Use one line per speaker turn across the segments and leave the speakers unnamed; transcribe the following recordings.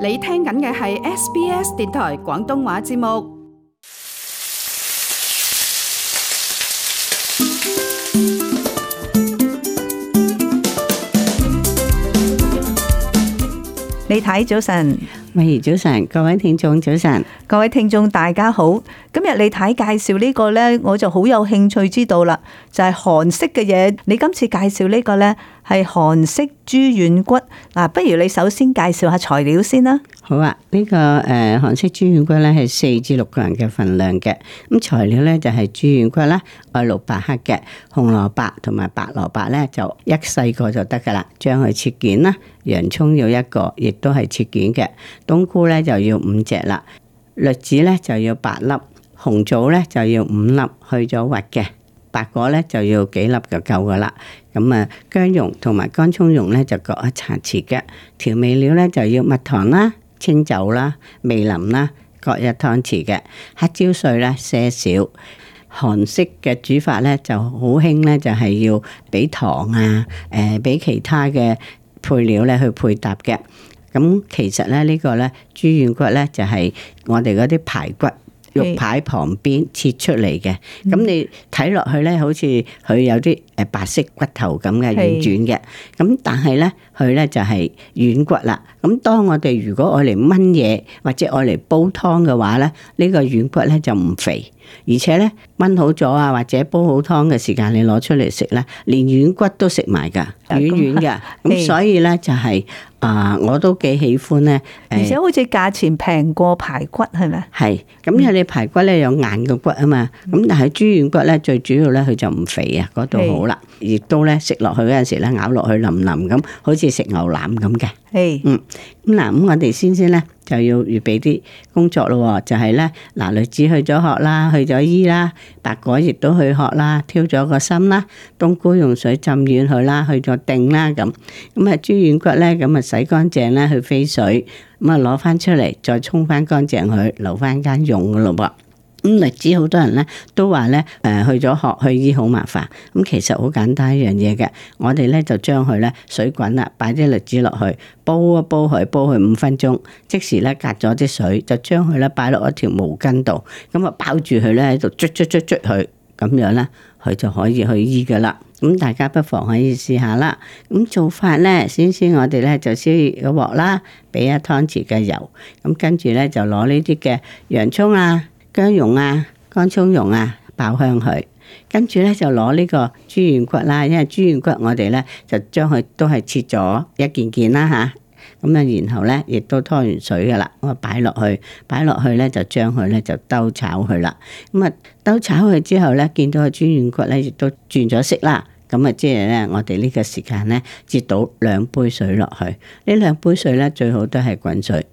你聽緊嘅係 SBS 電台廣東話節目。你睇早晨，
美娥早晨，各位聽眾早晨。
各位聽眾大家好，今日你睇介紹呢個呢，我就好有興趣知道啦。就係韓式嘅嘢，你今次介紹呢個呢，係韓式豬軟骨。嗱，不如你首先介紹下材料先
啦。好啊，呢個誒韓式豬軟骨呢係四至六個人嘅份量嘅。咁材料呢，就係豬軟骨啦，要六百克嘅紅蘿蔔同埋白蘿蔔呢，就一細個就得噶啦，將佢切件啦。洋蔥要一個，亦都係切件嘅。冬菇呢就要五隻啦。栗子咧就要八粒，紅棗咧就要五粒，去咗核嘅，白果咧就要幾粒就夠㗎喇。咁啊，薑蓉同埋乾葱蓉咧就各一茶匙嘅，調味料咧就要蜜糖啦、清酒啦、味淋啦，各一湯匙嘅，黑椒碎咧些少。韓式嘅煮法咧就好興咧，就係要俾糖啊，誒、呃、俾其他嘅配料咧去配搭嘅。咁其實咧、這個，呢個咧豬軟骨咧就係我哋嗰啲排骨是肉排旁邊切出嚟嘅。咁、嗯、你睇落去咧，好似佢有啲誒白色骨頭咁嘅軟軟嘅。咁是但係咧，佢咧就係軟骨啦。咁當我哋如果愛嚟燜嘢或者愛嚟煲湯嘅話咧，呢、這個軟骨咧就唔肥，而且咧燜好咗啊或者煲好湯嘅時間，你攞出嚟食咧，連軟骨都食埋噶，軟軟嘅。咁 是所以咧就係、是。啊！Uh, 我都幾喜歡咧，而且好
似價錢平過排骨係咪？
係，咁因為你排骨咧有硬嘅骨啊嘛，咁、嗯、但係豬軟骨咧最主要咧佢就唔肥啊，嗰度好啦，亦是都咧食落去嗰陣時咧咬落去腍腍咁，好似食牛腩咁嘅，是嗯。咁嗱，那我哋先先咧就要預備啲工作咯，就係呢。嗱，栗子去咗殼啦，去咗衣啦，白果亦都去殼啦，挑咗個芯啦，冬菇用水浸軟佢啦，去咗定啦，咁咁啊豬軟骨咧，咁啊洗乾淨咧去飛水，咁啊攞翻出嚟再沖翻乾淨佢，留翻間用噶咯噃。咁栗子好多人咧都話咧，誒去咗學去醫好麻煩。咁其實好簡單一樣嘢嘅。我哋咧就將佢咧水滾啦，擺啲栗子落去煲一煲佢，煲佢五分鐘，即時咧隔咗啲水，就將佢咧擺落一條毛巾度，咁啊包住佢咧喺度捽捽捽捽佢，咁樣咧佢就可以去醫噶啦。咁大家不妨可以試下啦。咁做法咧，先先我哋咧就燒熱個鑊啦，俾一湯匙嘅油，咁跟住咧就攞呢啲嘅洋葱啊。薑蓉啊，乾葱蓉啊，爆香佢。跟住咧就攞呢個豬軟骨啦，因為豬軟骨我哋咧就將佢都係切咗一件件啦，吓，咁啊，然後咧亦都拖完水噶啦，我擺落去，擺落去咧就將佢咧就兜炒佢啦。咁、嗯、啊，兜炒佢之後咧，見到個豬軟骨咧亦都轉咗色啦。咁、嗯、啊，即係咧我哋呢個時間咧接倒兩杯水落去，呢兩杯水咧最好都係滾水。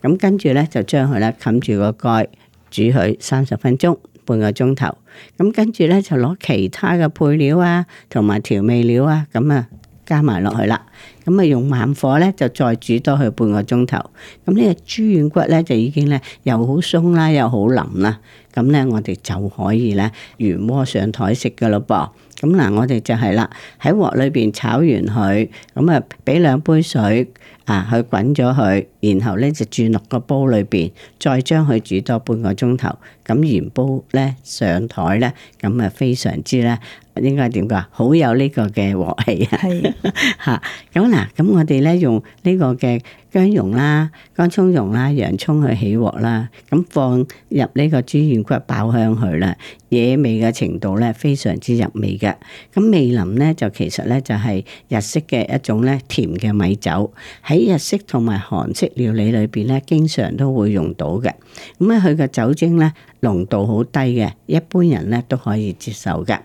咁、嗯、跟住咧就將佢咧冚住個蓋。煮佢三十分鐘，半個鐘頭，咁跟住呢，就攞其他嘅配料啊，同埋調味料啊，咁啊加埋落去啦。咁啊，用慢火咧就再煮多佢半個鐘頭。咁呢個豬軟骨咧就已經咧又好鬆啦，又好腍啦。咁咧我哋就可以咧原鍋上台食嘅咯噃。咁嗱，我哋就係啦，喺鑊裏邊炒完佢，咁啊俾兩杯水啊去滾咗佢，然後咧就轉落個煲裏邊，再將佢煮多半個鐘頭。咁原煲咧上台咧，咁啊非常之咧。應該點講？好有呢個嘅鑊氣啊！係嚇咁嗱，咁 我哋咧用呢個嘅薑蓉啦、乾葱蓉啦、洋葱去起鑊啦，咁放入呢個豬軟骨爆香佢啦，惹味嘅程度咧非常之入味嘅。咁味淋咧就其實咧就係日式嘅一種咧甜嘅米酒，喺日式同埋韓式料理裏邊咧，經常都會用到嘅。咁咧佢嘅酒精咧濃度好低嘅，一般人咧都可以接受嘅。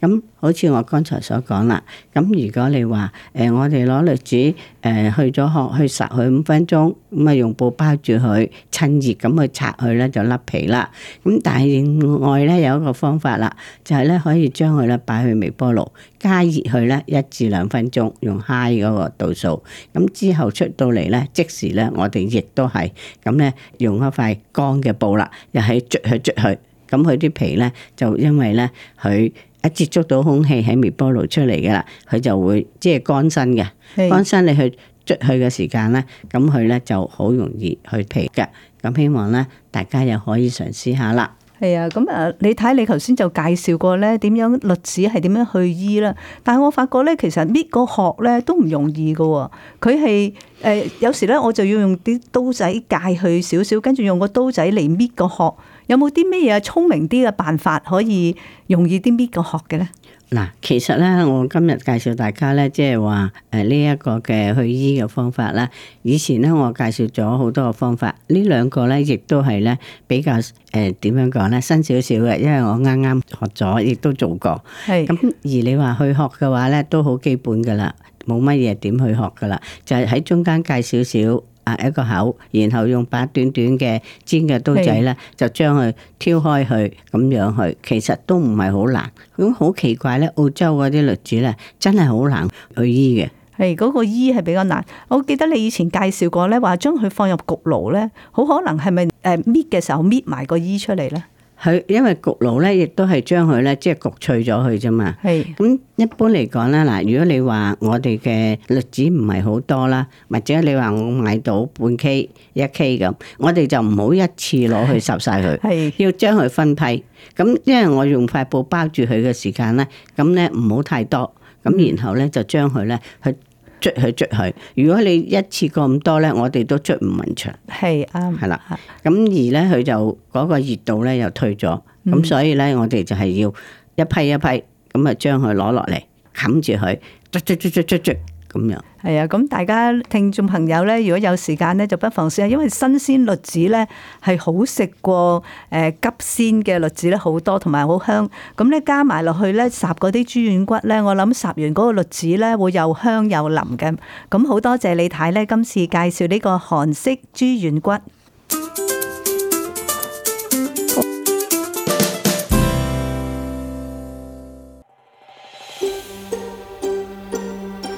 咁好似我剛才所講啦，咁如果你話誒、呃，我哋攞栗子誒，去咗殼去殺佢五分鐘，咁啊用布包住佢，趁熱咁去拆佢咧就甩皮啦。咁但係另外咧有一個方法啦，就係、是、咧可以將佢咧擺去微波爐加熱佢咧一至兩分鐘，用 high 嗰個度數，咁之後出到嚟咧即時咧我哋亦都係咁咧用一塊乾嘅布啦，又係捽佢捽佢，咁佢啲皮咧就因為咧佢。一接觸到空氣喺微波爐出嚟㗎喇，佢就會即係、就是、乾身嘅，是乾身你去捽佢嘅時間咧，咁佢咧就好容易去皮嘅，咁希望咧大家又可以嘗試下啦。
係啊，咁啊，你睇你頭先就介紹過咧，點樣栗子係點樣去醫啦？但係我發覺咧，其實搣個殼咧都唔容易嘅喎，佢係誒有時咧我就要用啲刀仔介去少少，跟住用個刀仔嚟搣個殼，有冇啲咩嘢聰明啲嘅辦法可以容易啲搣個殼嘅咧？
嗱，其實咧，我今日介紹大家咧，即係話誒呢一個嘅去醫嘅方法啦。以前咧，我介紹咗好多個方法，呢兩個咧亦都係咧比較誒點樣講咧新少少嘅，因為我啱啱學咗，亦都做過。係咁，而你話去學嘅話咧，都好基本㗎喇，冇乜嘢點去學㗎喇，就係喺中間介紹少少，挖一個口，然後用把短短嘅尖嘅刀仔咧，是就將佢挑開去咁樣去，其實都唔係好難。咁好奇怪咧，澳洲嗰啲栗子咧，真係好難去醫嘅。係嗰、嗰個醫係比較難。我記得你以前介紹過咧，話將佢放入
焗爐咧，好可能係咪誒搣嘅時候搣埋個醫出嚟咧？
佢因為焗爐咧，亦都係將佢咧即係焗脆咗佢啫嘛。係咁的一般嚟講咧嗱，如果你話我哋嘅栗子唔係好多啦，或者你話我買到半 K 一 K 咁，我哋就唔好一次攞去烚晒佢，要將佢分批。咁因為我用塊布包住佢嘅時間咧，咁咧唔好太多。咁然後咧就將佢咧去。捉佢捉佢。如果你一次過咁多咧，我哋都捉唔勻場。係啱的。係啦的，咁而咧佢就嗰個熱度咧又退咗，咁、嗯、所以咧我哋就係要一批一批，咁啊將佢攞落嚟冚住佢，捉捉捉捉捉捉捉捉捉捉。咁
樣係啊！咁大家聽眾朋友咧，如果有時間咧，就不妨試下。因為新鮮栗子咧係好食過誒急鮮嘅栗子咧好多，同埋好香。咁咧加埋落去咧，烚嗰啲豬軟骨咧，我諗烚完嗰個栗子咧會又香又腍嘅。咁好多謝李太咧，今次介紹呢個韓式豬軟骨。